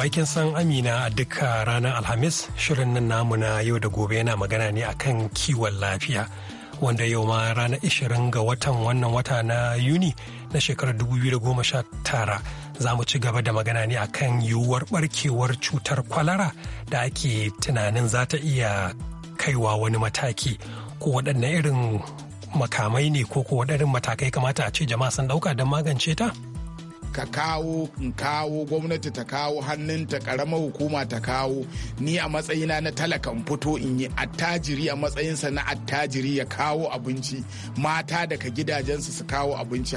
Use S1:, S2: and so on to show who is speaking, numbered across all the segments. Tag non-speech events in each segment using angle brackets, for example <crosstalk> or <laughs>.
S1: aikin san amina a duka ah, ranar alhamis shirin nan namu na yau da gobe yana magana ne akan kiwon lafiya wanda yau ma ranar 20 ga watan wannan wata na yuni na shekarar 2019 za mu ci gaba da magana ne akan yiwuwar barkewar cutar kwalara da ake tunanin za ta iya kaiwa wani mataki ko waɗanne irin makamai ne ko ko waɗannan matakai kamata a ce jama'a sun ɗauka don magance ta?
S2: ka kawo in kawo gwamnati ta kawo hannunta karamar hukuma ta kawo ni a matsayina na talakan fito in yi attajiri a matsayinsa na attajiri ya kawo abinci mata daga gidajensu su kawo abinci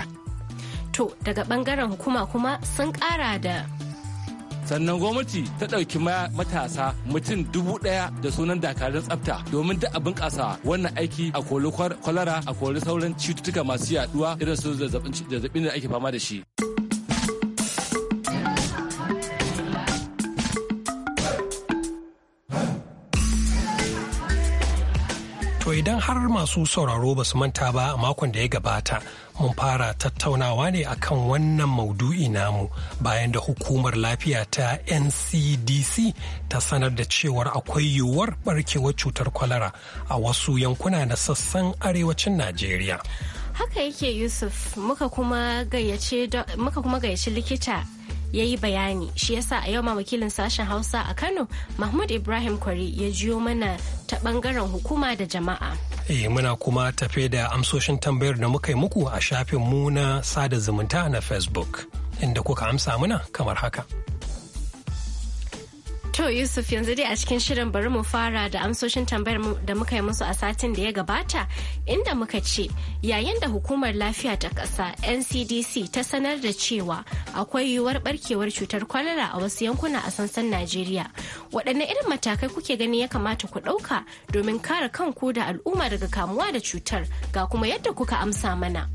S3: to daga bangaren hukuma kuma sun kara da
S4: sannan gwamnati ta ɗauki matasa mutum dubu ɗaya da sunan dakarun tsafta domin da abin ƙasa wannan aiki a koli kwalara a koli sauran cututtuka masu yaduwa irin su zazzabin da ake fama da shi.
S1: har masu sauraro ba su manta ba a makon da ya gabata mun fara tattaunawa ne akan wannan maudu'i namu bayan da hukumar lafiya ta ncdc ta sanar da cewar akwai yiwuwar barkewar cutar kwalara a wasu yankuna na sassan arewacin najeriya
S3: haka yake yusuf muka kuma gayyaci likita ya yi bayani shi yasa a yau ma wakilin sashen hausa a kano mahmud ibrahim kwari ya jiyo mana ta bangaren hukuma da jama'a
S1: eh muna kuma tafe da amsoshin tambayar da muka yi muku a shafin mu na sada zumunta na facebook inda kuka amsa muna kamar haka
S3: To Yusuf yanzu dai a cikin shirin bari mu fara da amsoshin tambayar da muka yi musu a satin da ya gabata inda muka ce yayin da hukumar lafiya ta ƙasa NCDC ta sanar da cewa akwai yiwuwar barkewar cutar kwalara a wasu yankuna a sansan Najeriya. Waɗanne irin matakai kuke gani ya kamata ku ɗauka domin kare kanku da al'umma daga kamuwa da cutar ga kuma yadda kuka amsa mana.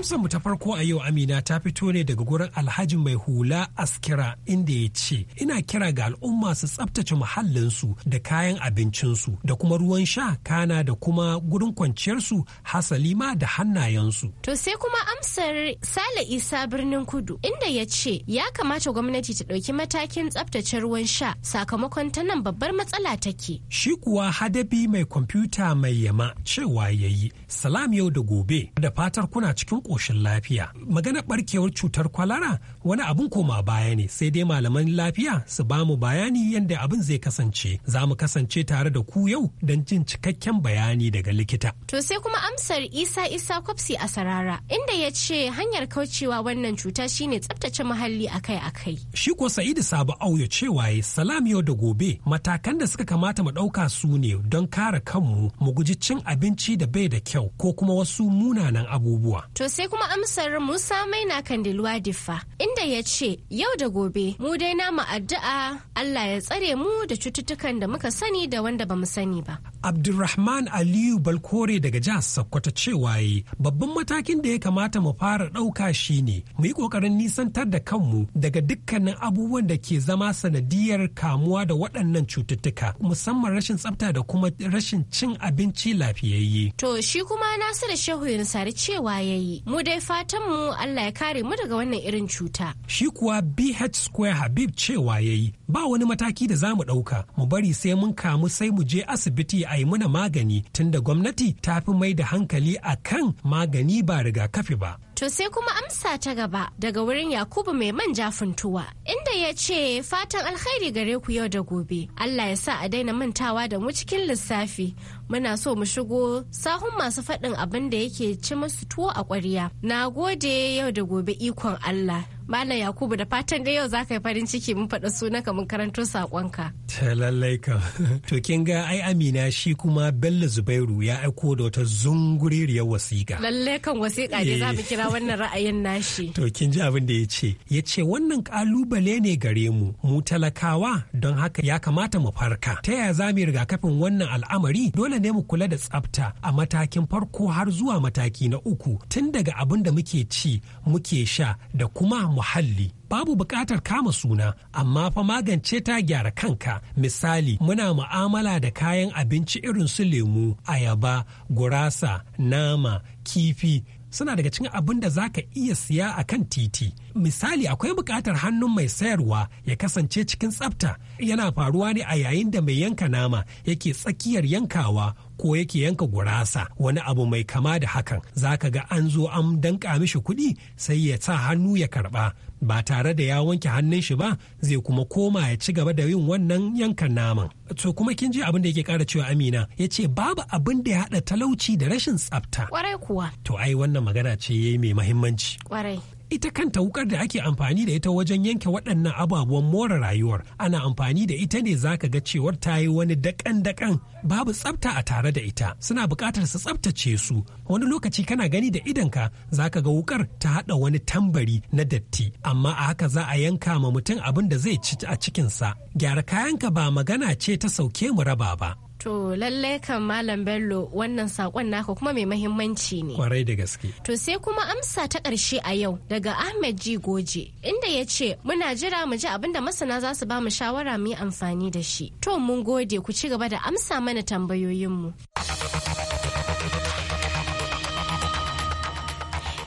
S1: amsar mu ta farko a yau Amina ta fito ne daga gurin Alhaji mai hula askira inda ya ce ina kira ga al'umma su tsabtace muhallinsu da kayan abincinsu da kuma ruwan sha kana da kuma gurin kwanciyarsu hasali ma da hannayensu.
S3: To sai kuma amsar Sale Isa birnin Kudu inda ya ce ya kamata gwamnati ta ɗauki matakin tsaftace ruwan sha sakamakon ta nan babbar matsala take.
S1: Shi kuwa hadabi mai kwamfuta mai yama cewa yayi salam yau da gobe da fatar kuna cikin koshin lafiya magana barkewar cutar kwalara wani abin koma baya ne sai dai malaman lafiya su ba mu bayani yadda abin zai kasance za mu kasance tare da ku yau don jin cikakken bayani daga likita
S3: to sai kuma amsar isa isa kwafsi a sarara inda ya ce hanyar kaucewa wannan cuta shine tsabtace muhalli akai-akai
S1: shi ko sa'idu sabu auyo cewa ya salam yau da gobe matakan da suka kamata mu ɗauka su ne don kare kanmu mu guji cin abinci da bai da kyau ko kuma wasu munanan abubuwa
S3: to sai sai kuma amsar Musa Maina Kandiluwa Diffa inda ya ce yau da gobe mu dai namu addu'a Allah ya tsare mu da cututtukan da muka sani da wanda ba mu sani ba.
S1: Abdulrahman Aliyu Balkore daga jihar Sokoto cewa yi babban matakin da ya kamata mu fara ɗauka shi ne mu yi ƙoƙarin nisantar da kanmu daga dukkanin abubuwan da ke zama sanadiyar kamuwa da waɗannan cututtuka musamman rashin tsafta da kuma rashin cin abinci lafiyayye.
S3: To shi kuma Nasiru Shehu Yunusari cewa yayi mu dai fatan mu Allah ya kare mu daga wannan irin cuta.
S1: Shi kuwa BH Square Habib cewa ya yi ba wani mataki da za mu ɗauka mu bari sai mun kamu sai mu je asibiti a yi muna magani tunda gwamnati ta fi mai da hankali a kan magani ba rigakafi ba.
S3: To sai kuma amsa ta gaba daga wurin Yakubu mai manja funtuwa inda ya ce fatan alkhairi gare ku yau da gobe. Allah ya sa a daina mantawa da mu cikin lissafi. Muna so mu shigo sahun masu faɗin abin da yake ci musu tuwo a ƙwarya. Na gode yau da gobe ikon Allah. Malam Yakubu da fatan ga yau za ka yi farin ciki mun faɗa sunan ka mun karanto saƙonka.
S1: Ta lallai ka. <laughs> To kin ga ai Amina shi kuma Bello Zubairu ya aiko da wata zunguriyar wasiƙa.
S3: Lallai kan wasiƙa ne za mu eh. kira wannan <laughs> ra'ayin nashi.
S1: To kin ji abin da ya ce. Ya ce wannan ƙalubale ne gare mu mu talakawa don haka ya kamata mu farka. Ta yaya za mu rigakafin wannan al'amari dole ne mu kula da tsafta a matakin farko har zuwa mataki na uku tun daga abin da muke ci muke sha da kuma mu muhalli babu buƙatar kama suna amma fa magance ta gyara kanka misali muna mu'amala da kayan abinci irin su lemu ayaba gurasa nama kifi suna daga cikin abin da za ka iya siya a kan titi misali akwai buƙatar hannun mai sayarwa ya kasance cikin tsafta yana faruwa ne a yayin da mai yanka nama yake tsakiyar yankawa ko yake yanka gurasa wani abu mai kama da hakan zaka ga an zo an danka mishi kuɗi sai ya sa hannu ya karɓa ba tare da ya wanke hannun shi ba zai kuma koma ya ci gaba da yin wannan yankan naman. To kuma kin ji abin da yake kara cewa Amina ya ce babu abin da ya haɗa talauci da rashin tsafta. Kwarai kuwa. To ai wannan magana ce yayi mai mahimmanci. Kwarai. ita kanta wukar da ake amfani da ita wajen yanke waɗannan ababuwan more rayuwar ana amfani da ita ne zaka ga cewar ta yi wani dakan-dakan babu tsafta a tare da ita suna buƙatar su tsaftace su wani lokaci kana gani da idanka zaka ga wukar ta haɗa wani tambari na datti amma a haka za a yanka ma mutum abin da zai ci a cikinsa gyara kayanka ba magana ce ta sauke mu raba ba
S3: To lallai kan Malam Bello wannan sakon naka kuma mai mahimmanci ne. Kwarai da gaske. To sai kuma amsa ta ƙarshe a yau daga Ahmed G Goje inda ya ce muna jira mu ji abin da masana za su ba mu shawara mu yi amfani da shi. To mun gode ku ci gaba da amsa mana tambayoyinmu.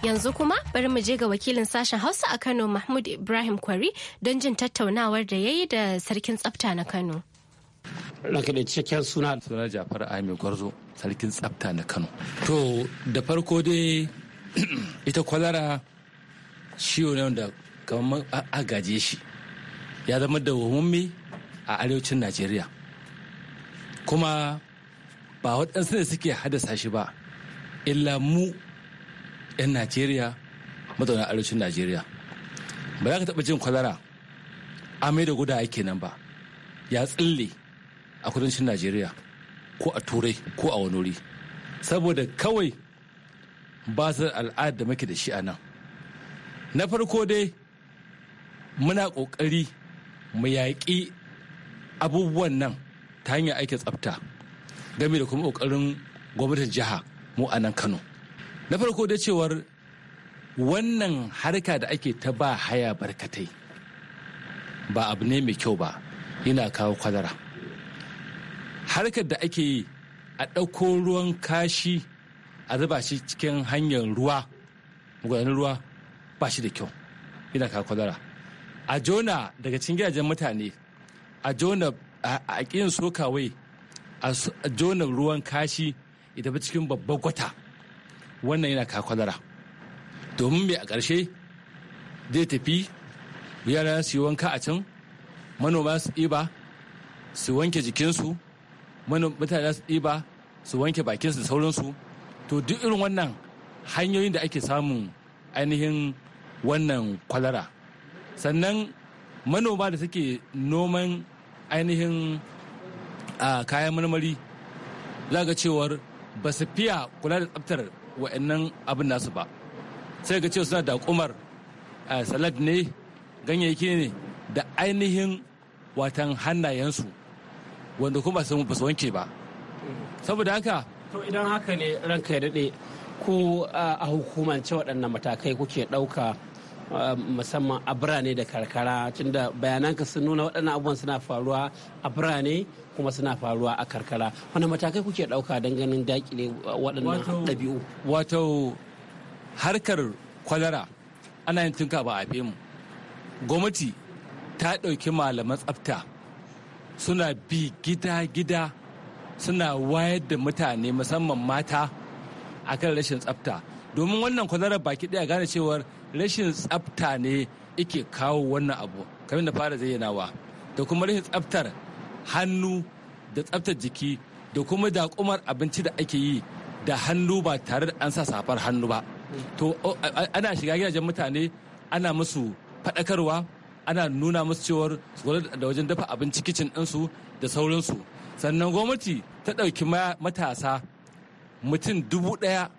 S3: Yanzu kuma bari mu je ga wakilin sashen Hausa a Kano Mahmud Ibrahim Kwari don jin tattaunawar da ya yi da sarkin tsafta na Kano.
S4: ranka cikakken suna suna jafar ahmed gwarzo sarkin tsafta na kano to da farko dai <clears throat> ita kwalara ciwo ne wanda kamar a gaje shi ya zama da wahummi a arewacin najeriya kuma ba waɗansu ne suke haddasa shi ba illa mu 'yan najeriya mazauna arewacin najeriya ba za ka taɓa jin kwalara amai da guda ake nan ba ya tsille a kudancin najeriya ko a turai ko a wani saboda kawai ba su al'adar da muke da shi a nan na farko dai muna ƙoƙari mu yaƙi abubuwan nan ta hanyar aikin tsafta game da kuma ƙoƙarin gwamnatin jiha mu a nan kano na farko dai cewar wannan harka da ake ta ba haya barkatai ba abu ne mai kyau ba yana kawo kwalara harkar da ake yi a ɗauko ruwan kashi a zuba shi cikin hanyar ruwa magudanar ruwa ba shi da kyau yana kawo kwalara a jona daga cikin gidajen mutane a jona a ƙin sokawai a jona ruwan kashi ita ba cikin babban gwata wannan yana kawo kwalara domin mai a ƙarshe zai tafi yara su yi wanka a can manoma su ɗiba su wanke jikinsu mutane su ɗiba su wanke bakinsu da sauransu to duk irin wannan hanyoyin da ake samun ainihin wannan kwalara sannan manoma da suke noman ainihin kayan marmari za ga cewar ba su fiya kula da tsaftar wa'annan abin nasu ba sai ga cewa suna da kumar salad ne ganyayyaki ne da ainihin watan hannayensu wanda kuma ba su wanke ba saboda haka to idan haka ne ranka ya daɗe ku
S5: a hukumance waɗannan matakai kuke ɗauka musamman a birane da karkara tunda bayananka sun nuna waɗannan abubuwan suna faruwa a birane kuma suna faruwa a karkara wani matakai kuke ɗauka don ganin dakile waɗannan ɗabi'u
S4: wato harkar kwalara ana yin tunka ba a mu gwamnati ta ɗauki malaman tsafta suna bi gida-gida suna wayar da mutane musamman mata a kan rashin tsafta domin wannan kwanarar baki daya gane cewar rashin tsafta ne ike kawo wannan abu kamar da fara zayyanawa da kuma rashin tsaftar hannu da tsaftar jiki da kuma dakumar abinci da ake yi da hannu ba tare da an sa safar hannu ba to ana shiga gidajen mutane ana musu faɗakarwa ana nuna musu cewar da wajen dafa abinci kicin ɗinsu da sauransu sannan gwamnati ta ɗauki matasa mutum dubu ɗaya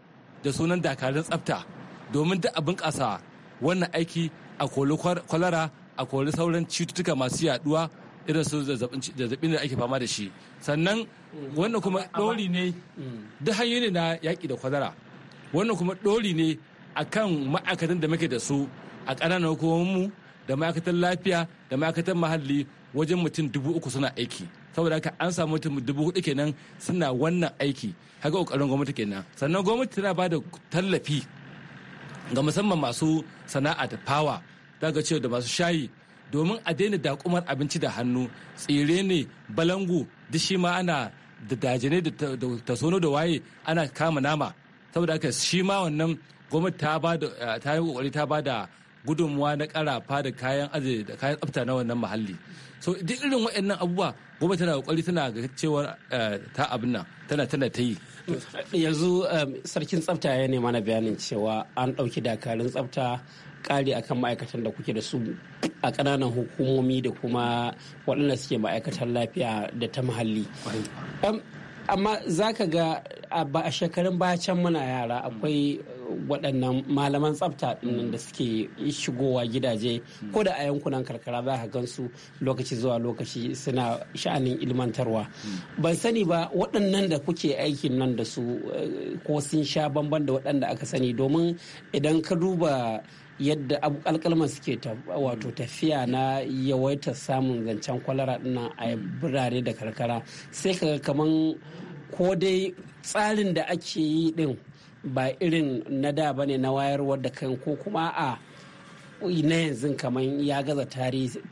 S4: da sunan dakarun tsafta domin da abin ƙasa wannan aiki a koli kwalara a koli sauran cututtuka masu yaduwa irin su zazzabin da ake fama da shi sannan wannan kuma ɗori ne mm. da hanyoyi na yaƙi da kwalara wannan kuma ɗori ne akan ma'aikatan da muke da su a ƙananan hukumomin mu da ma'aikatan lafiya da ma'aikatan muhalli wajen mutum dubu uku suna aiki saboda haka an samu mutum dubu hudu kenan suna wannan aiki haka kokarin gwamnati kenan sannan gwamnati tana ba da tallafi ga musamman masu sana'a da fawa daga cewa da masu shayi domin a daina dakumar abinci da hannu tsire ne balangu duk shi ma ana da dajene da tasono da waye ana kama nama saboda haka shi ma wannan gwamnati ta yi kokari ta ba da gudunmuwa na karafa da kayan ajiye da kayan tsafta na wannan muhalli so duk irin waɗannan abubuwa gwamnati tana kokari tana ga cewa eh, ta abin nan tana tana ta yi yanzu eh, sarkin tsafta ya nema na
S5: bayanin cewa an ɗauki dakarun tsafta kare akan ma'aikatan da kuke da su a ƙananan hukumomi da kuma waɗanda suke ma'aikatan lafiya da ta muhalli amma za ka ga a shekarun can muna yara akwai waɗannan malaman tsafta ɗinnan da suke shigowa gidaje ko da a yankunan karkara za gan gansu lokaci zuwa lokaci suna sha'anin ilmantarwa ban sani ba waɗannan da kuke aikin nan da su eh, ko sun sha bamban da waɗanda aka sani domin idan ka duba yadda alkalman suke wato tafiya na yawaitar samun zancen kwalara dinnan a birane da karkara sai kaga kaman ko dai tsarin da ake yi din ba irin na da ba ne na wayarwar da kan ko kuma a na yanzu kamar ya gaza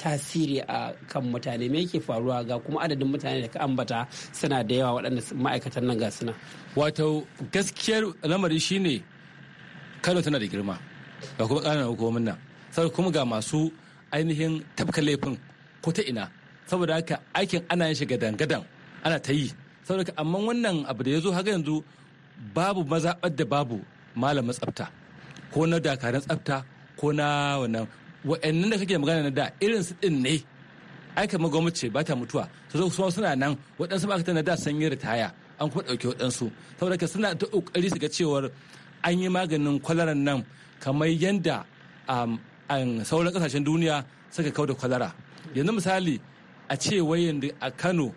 S5: tasiri a kan mutane me yake faruwa ga kuma adadin mutane da ka ambata suna da
S4: yawa waɗanda ma'aikatan nan ga suna wato gaskiyar lamari shine kano tana da girma ga kuma ƙananan hukumomin nan sai kuma ga masu ainihin tafka laifin ko ta ina saboda haka aikin ana yin shi gadan-gadan ana ta yi saboda amma wannan abu da ya zo har yanzu babu mazaɓar da babu malamin tsafta ko na dakarun tsafta ko na wannan wa'annan da kake magana na da irin su din ne ai kamar gwamnati ba ta mutuwa su zo kuma suna nan waɗansu ba ta na da sun yi ritaya an kuma ɗauki waɗansu saboda ka suna ta ƙoƙari su ga cewar an yi maganin kwalaran nan kamar yadda sauran ƙasashen duniya suka kau da kwalara yanzu misali a ce wayan a kano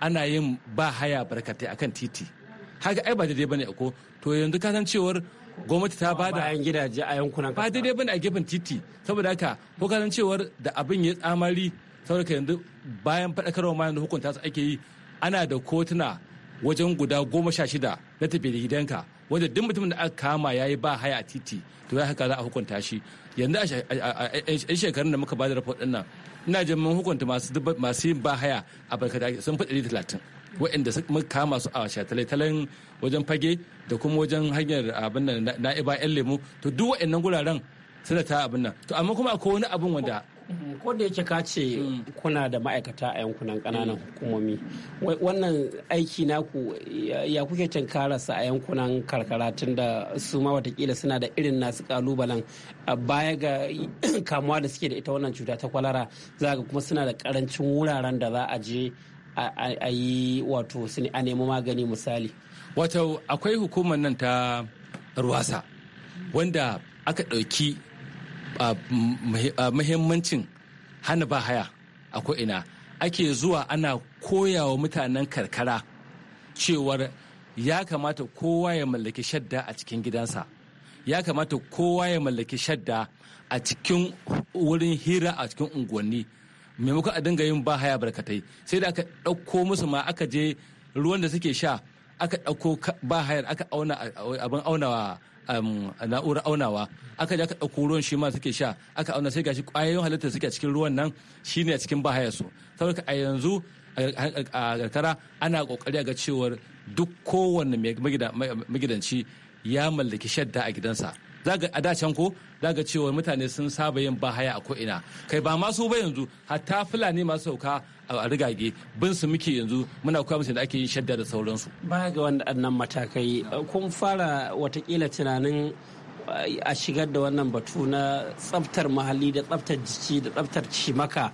S4: ana yin ba haya barkatai akan titi haka ai ba daidai bane ko to yanzu ka san cewar gwamnati ta bada bayan gidaje a yankunan ba daidai bane a gefen titi saboda haka ko ka san cewar da abin ya tsamari saboda yanzu bayan faɗakar ma yanzu hukunta su ake yi ana da kotuna wajen guda goma sha shida na tafi da gidanka wanda duk mutumin da aka kama ya yi ba haya a titi to ya haka za a hukunta shi yanzu a shekarun da muka ba da rahoton nan ina jin mun hukunta masu yin ba haya a barkata sun fi ɗari talatin waɗanda muka kama su a shataletalen wajen fage da kuma wajen hanyar abin nan na'iba 'yan lemu to duk waɗannan guraren suna ta abin nan to amma kuma akwai wani abin wanda
S5: ko da yake ka ce kuna da ma'aikata a yankunan kananan hukumomi wannan aiki naku ya kuke tunkararsa a yankunan karkara tun da su ma watakila suna da irin nasu kalubalen baya ga kamuwa da suke da ita wannan cuta ta kwalara za ga kuma suna da karancin wuraren da za a je a yi wato
S4: a nemi magani misali wato akwai hukumar nan ta ruwasa wanda aka ɗauki mahimmancin hana ba haya a ko'ina ake zuwa ana koyawa mutanen karkara cewar ya kamata kowa ya mallaki shadda a cikin gidansa ya kamata kowa ya mallaki shadda a cikin wurin hira a cikin unguwanni maimakon a dinga yin ba haya barkatai sai da aka ɗauko musu ma aka je ruwan da suke sha aka ɗauko ba hayar aka auna abin aunawa um, na'urar aunawa aka je aka ɗauko ruwan shi ma suke sha aka auna sai gashi ƙwayoyin halittar suke a cikin ruwan nan shi ne a cikin bahaya su saboda a yanzu a karkara ana ƙoƙari a ga cewar duk kowanne magidanci ya mallaki shadda a gidansa za ga a can ko daga cewa mutane sun saba yin bahaya a ko'ina kai ba masu ba yanzu hatta fulani masu sauka a rigage bin su muke yanzu muna koya musu da ake yin shadda da sauransu
S5: ba ga wannan matakai kun fara watakila tunanin eh, a shigar da wannan batu na tsaftar muhalli da tsaftar jiki da tsaftar cimaka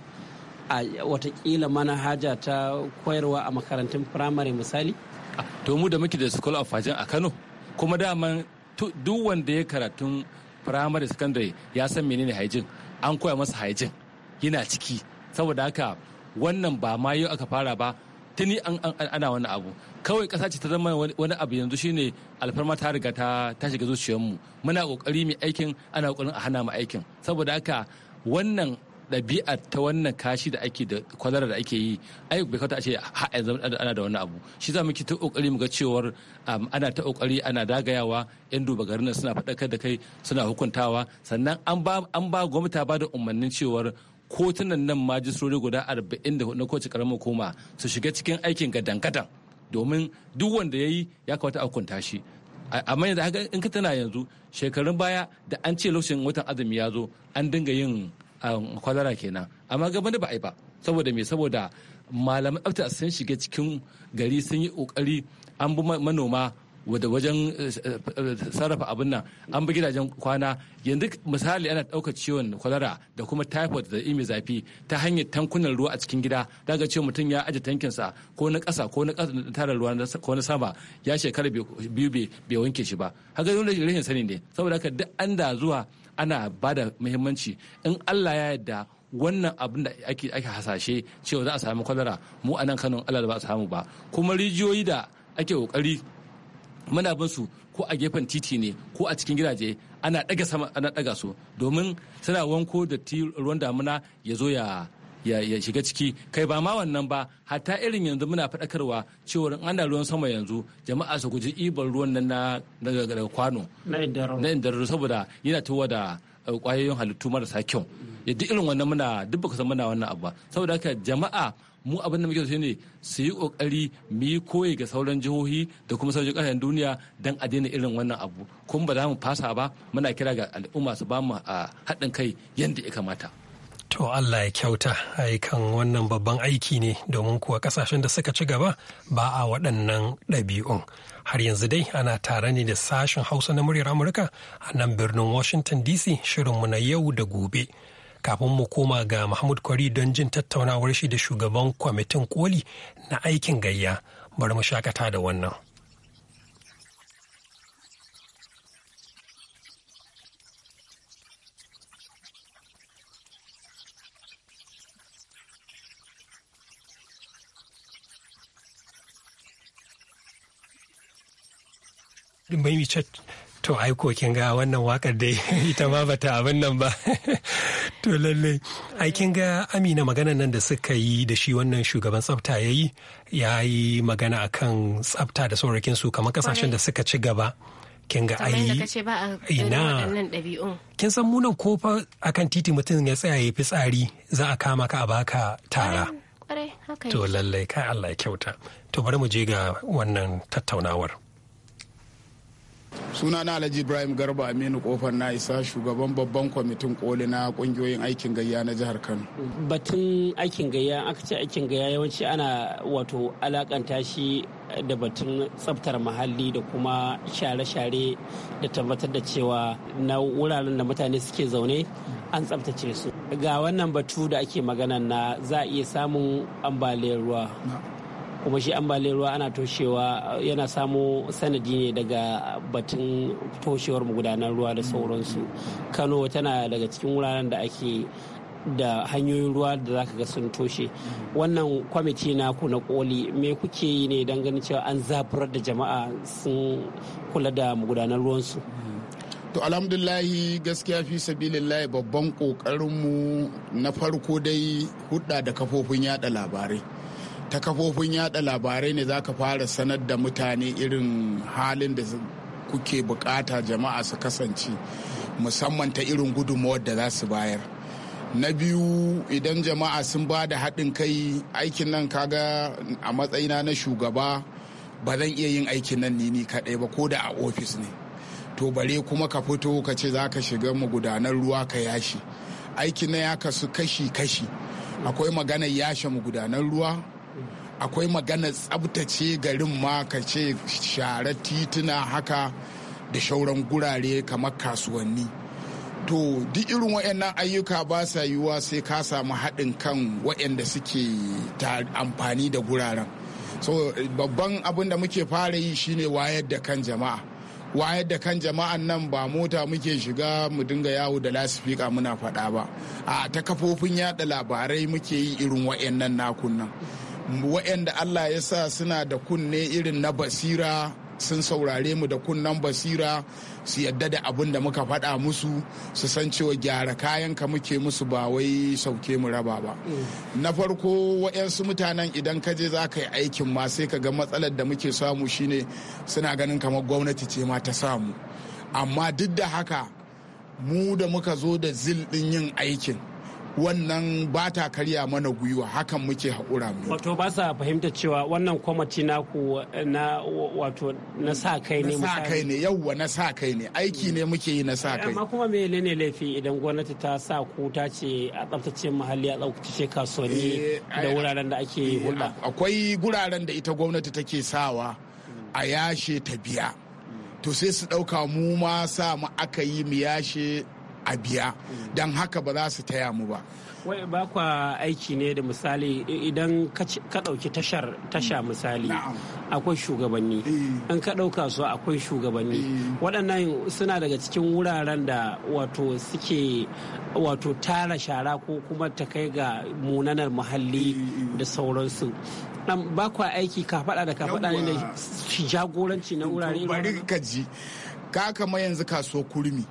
S5: a watakila manhaja ta koyarwa a makarantun firamare misali
S4: to mu da muke da school of a kano kuma daman duk wanda ya karatu. primary secondary ya san menene haijin an koya masa haijin yana ciki saboda haka wannan ba ma yau aka fara ba tuni ana wani abu kawai kasa ce ta zama wani abu yanzu shine alfarma ta riga ta ta shiga zuciyarmu muna kokari mai aikin ana kokarin a hana mu aikin saboda haka wannan ɗabi'a ta wannan kashi da ake da kwalara da ake yi ai bai kawata a ce ha a zama ana da wani abu shi za ki ta kokari mu ga cewar ana ta kokari ana dagayawa yan duba garin suna faɗakar da kai suna hukuntawa sannan an ba an ba gwamnati ba da umarnin cewar kotunan nan majistori guda 44 na kowace karamar koma su shiga cikin aikin gadan-gadan domin duk wanda ya yi ya kawata a hukunta shi amma yanzu in ka tana yanzu shekarun baya da an ce lokacin watan azumi ya zo an dinga yin Um, kwalara kenan amma gaba da ba a yi ba saboda me saboda malaman tsafta sun shiga cikin gari sun yi kokari an bi manoma wada wajen eh, eh, sarrafa abin nan an bi gidajen kwana yanzu misali ana ɗaukar ciwon kwalara da kuma typhoid da imi zafi ta hanyar tankunan ruwa a cikin gida daga cewa mutum ya aje tankinsa ko na ƙasa ko na tara ruwa ko na sama ya shekara biyu bai wanke shi ba haka yau da sani ne saboda haka duk an da zuwa ana ba da muhimmanci in allah ya yarda wannan abin da ake hasashe cewa za a sami kwalara mu a nan kano allah ba a samu ba kuma rijiyoyi da ake kokari muna bin su ko a gefen titi ne ko a cikin gidaje ana daga sama ana daga su domin suna wanko da ruwan damuna ya zo ya ya shiga ciki kai ba ma wannan ba hatta irin yanzu muna faɗakarwa cewar ana ruwan sama yanzu jama'a su guji ibar ruwan nan na daga kwano na saboda yana ta da kwayoyin eh, halittu marasa kyau yadda irin wannan muna duk baka san muna wannan abu saboda haka jama'a mu abin da muke so ne su yi kokari mu yi koyi ga sauran jihohi da kuma sauran kasashen duniya don a daina irin wannan abu kuma ba za mu fasa ba muna kira ga al'umma su ba mu ah, haɗin kai yadda ya kamata
S1: To Allah ya kyauta aikan wannan babban aiki ne domin kuwa kasashen da suka ci gaba ba a waɗannan ɗabi'un. Har yanzu dai ana tare ne da sashen Hausa na muryar Amurka a nan birnin Washington DC shirinmu na yau da gobe. Kafin mu koma ga Mahmud Kwari don jin tattaunawar shi da shugaban kwamitin koli na aikin gayya bari mu shakata da wannan. mai to ai ko kin ga wannan wakar dai <laughs> ita ma bata abin nan ba <laughs> to lalle ai kin ga amina magana nan da suka yi da shi wannan shugaban tsafta yayi ya yi magana akan tsafta da saurakin su kamar kasashen da suka ci gaba kin ga ai ina kin san munan ko akan titi mutum ya tsaya ya fitsari za a kama ka a baka tara to lallai kai Allah ya kyauta to bari mu je ga wannan tattaunawar
S2: suna na alhaji ibrahim garba aminu kofar na isa shugaban babban kwamitin koli na kungiyoyin aikin gayya na jihar kano
S5: batun aikin gayya aka ce aikin gayya yawanci ana wato alakanta shi da batun tsabtar muhalli da kuma share-share da tabbatar da cewa na wuraren da mutane suke zaune an tsaftace su ga wannan batu da ake magana na za a iya samun ambaliyar ruwa kuma shi ambaliyar ruwa ana toshewa yana samo sanadi ne daga batun toshewar magudanar ruwa da sauransu kano tana daga cikin wuraren da ake da hanyoyin ruwa da za ka ga sun toshe wannan kwamiti na ku na koli me kuke yi ne don ganin cewa an zafirar da jama'a sun kula da magudanar ruwansu to
S2: alhamdulahi gaskiya fi sabilillahi babban kokarinmu na farko dai hudda da kafofin yada labarai ta kafofin yada labarai ne za ka fara sanar da mutane irin halin da kuke bukata jama'a su kasance musamman ta irin gudunmawar da za su bayar na biyu idan jama'a sun ba da haɗin kai aikin nan kaga a matsayina na shugaba ba zan iya yin aikin nan ni ni kaɗai ba ko da a ofis ne to bare kuma ka fito ka ce za ka shiga magudanar ruwa ka yashi aikin na ya kasu kashi-kashi akwai maganar yashe magudanar ruwa akwai magana tsabtace garin ma ka ce share tituna haka da shauran gurare kamar kasuwanni to duk irin wayannan ayyuka ba sa yiwuwa sai ka samu haɗin kan waanda suke amfani da guraren so babban abin da muke fara yi shine wayar da kan jama'a wayar da kan jama'an nan ba mota muke shiga mu dinga yawo da lasifika muna faɗa ba a ta kafofin yada labarai muke yi irin wayannan nakun nan waɗanda Allah ya sa suna da kunne irin na basira sun saurare mu da kunnen basira su yadda da abin da muka faɗa musu su san cewa gyara kayan ka muke musu ba wai sauke mu raba ba mm. na farko waɗansu mutanen idan ka je za yi aikin ma sai ka ga matsalar da muke samu shine suna ganin kamar gwamnati ce ma ta samu amma duk da haka mu da muka zo da zil ɗin yin aikin wannan ba ta karya mana gwiwa hakan muke haƙura mu. Wato
S5: ba sa fahimta cewa wannan kwamati ku
S2: na wato na sa kai ne. Na sa kai ne yawwa na sa kai ne aiki ne muke yi na sa kai. Amma
S5: kuma me ne laifi idan gwamnati ta sa ku ta ce a tsaftace muhalli a tsaftace
S2: kasuwanni eh, da wuraren da ake eh, hulɗa. Akwai guraren da ita gwamnati take sawa a yashe ta biya. To sai su ɗauka mu ma sa mu aka yi mu yashe a biya don haka ba za su taya mu ba wai ba kwa
S5: aiki ne da misali idan ka ɗauki tashar tasha misali akwai shugabanni eh. in ka ɗauka su akwai shugabanni eh. waɗannan suna daga cikin wuraren da wato suke wato tara shara ko kuma ta kai ga munanar muhalli eh, da sauransu dan ba kwa aiki da kafaɗa ne da
S2: jagoranci na wurare bari ka ji ka kama yanzu kaso kurmi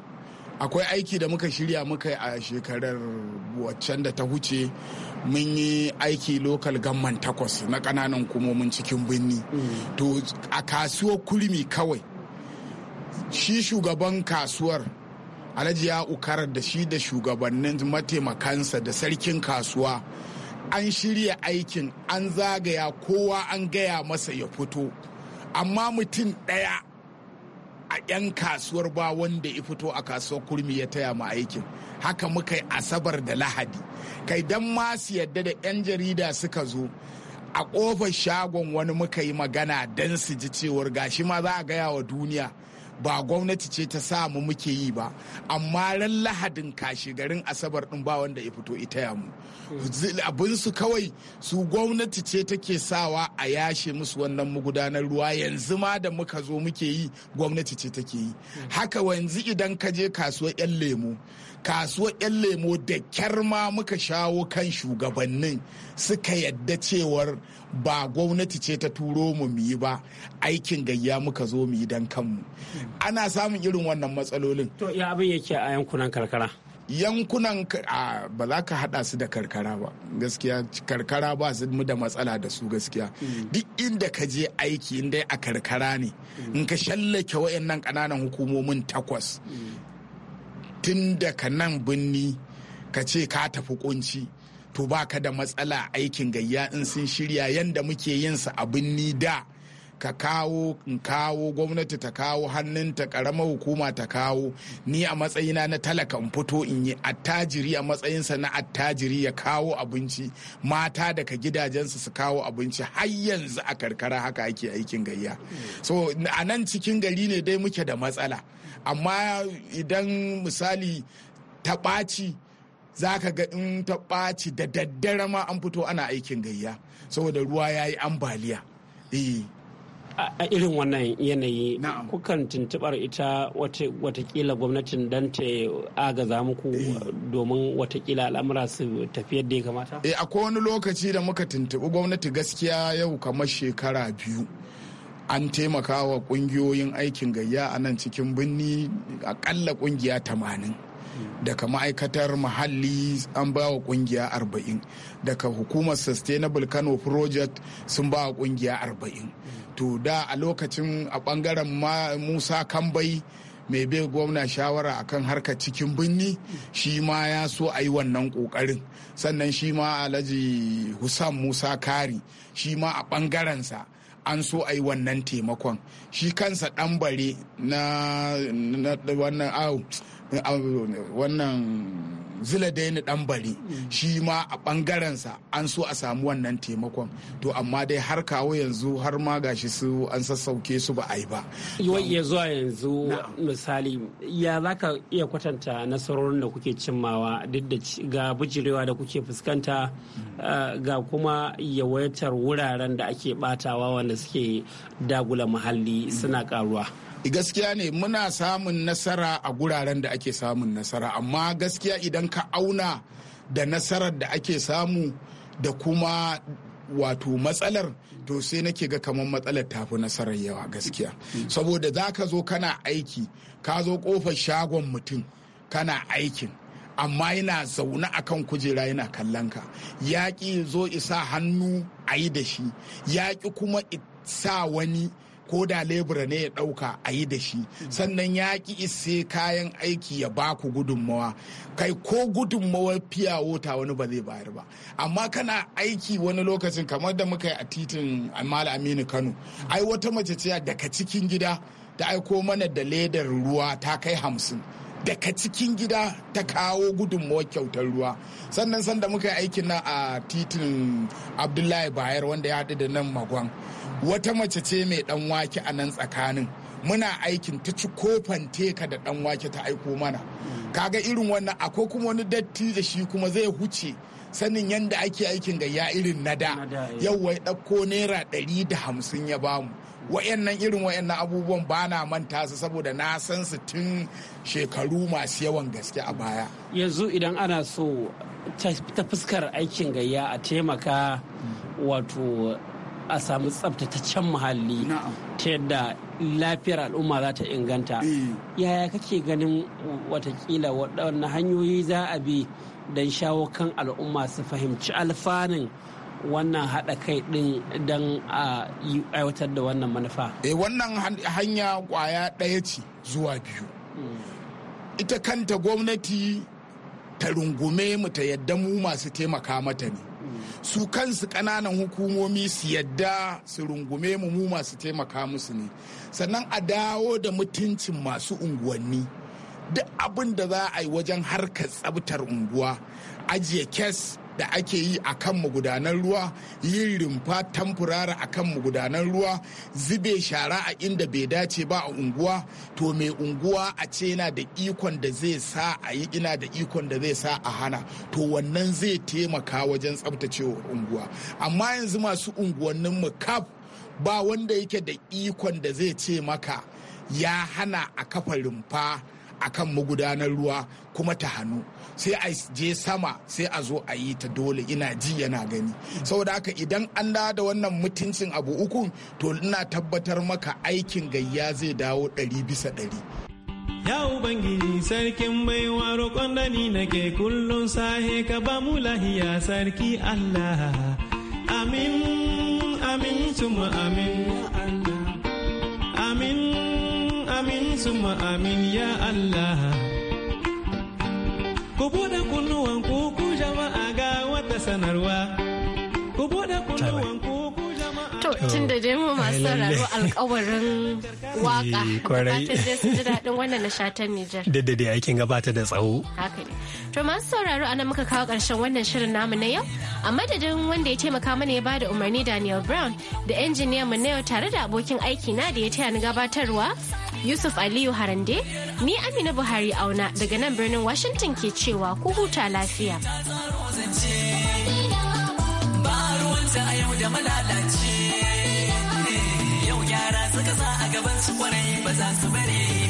S2: akwai aiki da muka shirya muka a shekarar waccan da ta huce mun yi aiki lokal gamman takwas na kananan kumomin cikin birni mm. to a kasuwar kurmi kawai shi shugaban kasuwar alhaji ya ukarar da shi da shugabannin mataimakansa da sarkin kasuwa an shirya aikin an zagaya kowa an gaya masa ya fito amma mutum ɗaya a 'yan kasuwar ba wanda ya fito a kasuwar kurmi ya taya mu aikin haka muka yi asabar da lahadi kai ma su yadda da 'yan jarida suka zo a kofar shagon wani muka yi magana dan su ji cewar gashi ma za a gaya wa duniya ba gwamnati ce ta sa mu muke yi ba amma ran lahadin kashi garin asabar din ba wanda ya fito ita ya mu abin su kawai su gwamnati ce take sawa a yashe musu wannan magudanar ruwa yanzu ma da muka zo muke yi gwamnati ce take yi haka wanzu idan ka je kasuwar 'yan lemu kasuwar 'yan lemo da kyar ma muka shawo kan shugabannin suka yadda cewar ba gwamnati ce ta turo mu mu yi ba aikin gayya muka zo mu yi don kanmu ana samun irin wannan matsalolin to ya abin yake a yankunan karkara yankunan ba za ka hada su da karkara ba gaskiya karkara ba su mu da matsala da su gaskiya hmm. duk inda ka je aiki inda a karkara ne hmm. in ka shallake wayannan kananan hukumomin takwas hmm. tun daga nan birni ka ce ka tafi kunci to baka da matsala aikin gayya in sun shirya yanda muke yin sa a birni da ka kawo in kawo gwamnati ta kawo hannun ta karamar hukuma ta kawo ni a matsayina na talaka in fito in yi attajiri a matsayinsa na attajiri ya kawo abinci mata daga gidajensu su kawo abinci har yanzu a karkara haka ake aikin gayya so a nan cikin gari ne dai muke da matsala amma idan misali ta ɓaci za ka ga in ta ɓaci da daddare ma an fito ana aikin gayya saboda ruwa ya yi ambaliya eh.
S5: a irin wannan yanayi kukan tuntubar ita watakila gwamnatin don ta agaza muku eh. domin watakila al'amura su tafi yadda ya kamata?
S2: Eh, akwai wani lokaci da muka tuntubi gwamnati gaskiya yau kamar shekara biyu an taimaka wa kungiyoyin aikin gayya a nan cikin birni akalla kungiya tamanin daga ma'aikatar muhalli an ba wa kungiya arba'in daga hukumar sustainable kano project sun ba wa kungiya arba'in to da a lokacin a bangaren musa kambai mai bai gwamna shawara akan harka cikin birni shi ma ya so a yi wannan kokarin sannan shi ma alhaji hussam musa kari shi ma a bangarensa an so a yi wannan taimakon shi kansa ɗan na wannan wannan yana dan bari shi ma a sa an so a samu wannan taimakon to amma dai har kawo yanzu har ma gashi su an sassauke su ba a yi ba
S5: ya zuwa yanzu
S2: misali ya zaka
S5: iya kwatanta nasarorin da kuke cimmawa duk da ga bujirewa da kuke fuskanta eh, ga kuma yawaitar wuraren da ake batawa wanda suke
S2: dagula muhalli suna karuwa gaskiya ne muna samun nasara a guraren da ake samun nasara amma gaskiya idan idan ka auna da nasarar da ake samu da kuma wato matsalar to sai nake ga kamar matsalar tafi nasarar yawa gaskiya saboda za ka zo kana aiki ka zo kofar shagon mutum kana aikin amma yana zaune a kan kujera yana kallon ka yaƙi zo isa hannu a yi da shi yaƙi kuma sa wani ko da lebura ne ya dauka a yi da shi sannan ya ki isse kayan aiki ya ba ku gudunmawa kai ko gudunmawar fiya wota wani ba zai bayar ba amma kana aiki wani lokacin kamar da muka yi a titin amal aminu kano ai wata mace ce daga cikin gida ta aiko mana da ledar ruwa ta kai hamsin daga cikin gida ta kawo gudunmawar kyautar ruwa sannan sanda muka yi aikin nan a titin abdullahi bayar wanda ya haɗu da nan magwan wata mace ce mai dan wake a nan tsakanin muna aikin ta ci kofan teka da dan wake ta aiko mana kaga irin wannan akwai kuma wani datti da shi kuma zai huce sanin yadda ake aikin gayya irin na da eh. yau wai ɗauko naira ɗari da hamsin ya bamu wayannan irin wayannan abubuwan ba na manta su saboda na san su tun shekaru masu yawan gaske a baya
S5: yanzu idan ana so ta fuskar aikin gayya a taimaka wato a samu tsabtataccen muhalli ta yadda lafiyar al'umma za ta inganta eh. yaya kake ganin watakila wadannan hanyoyi za a bi don shawo kan al'umma su fahimci alfanun wannan haɗa kai ɗin don a aiwatar da wannan
S2: manufa? Eh wannan hanya kwaya ɗaya ce zuwa biyu. Ita kanta gwamnati ta rungume mu ta yadda mu masu taimaka mata ne. Su kansu ƙananan hukumomi su yadda su rungume mu mu masu taimaka musu ne. Sannan a dawo da mutuncin masu unguwanni. duk abin da za a yi wajen harkar tsabtar unguwa ajiye kes da ake yi a kan magudanan ruwa yin rumfa tamfurara a kan magudanan ruwa zube shara a inda bai dace ba a unguwa to mai unguwa a ce yana da ikon da zai sa a yi ina da ikon da zai sa a hana to wannan zai taimaka wajen tsabtacewar unguwa amma yanzu masu unguwannin mu kaf ba wanda yake da ikon da zai ce maka ya hana a kafa rumfa akan magudanar ruwa kuma ta hannu sai a je sama sai a zo a yi ta dole ina ji yana gani saboda haka idan an da wannan mutuncin abu uku to ina tabbatar maka aikin gayya zai dawo ɗari bisa ɗari Ya Ubangiji
S1: sarkin baiwa roƙon da ni nake kullum sahe ka ba mu lahiya sarki Allah. Amin, amin, suma amin. Amin, amin, suma amin ya Allah. Ku buɗe kunnuwanku ku jama'a ga wata sanarwa.
S3: Ku buɗe kunnuwanku To tun da dai mu masu eh, sauraro alkawarin <laughs> waka eh, kwarai da su ji daɗin wannan nishatan Nijar.
S1: Duk da dai aikin gabata da tsawo.
S3: Haka ne. To masu sauraro anan muka kawo ƙarshen wannan shirin namu na yau. A madadin wanda ya taimaka mana ya ba da umarni Daniel Brown da injiniyan mu na yau tare da abokin aiki na da ya taya ni gabatarwa Yusuf Aliyu Harande, ni Amina Buhari auna daga nan birnin Washington ke cewa ku huta lafiya.
S5: Ba ruwanta a yau da malalaci. yara suka sa a gaban su kwarai ba za su bari.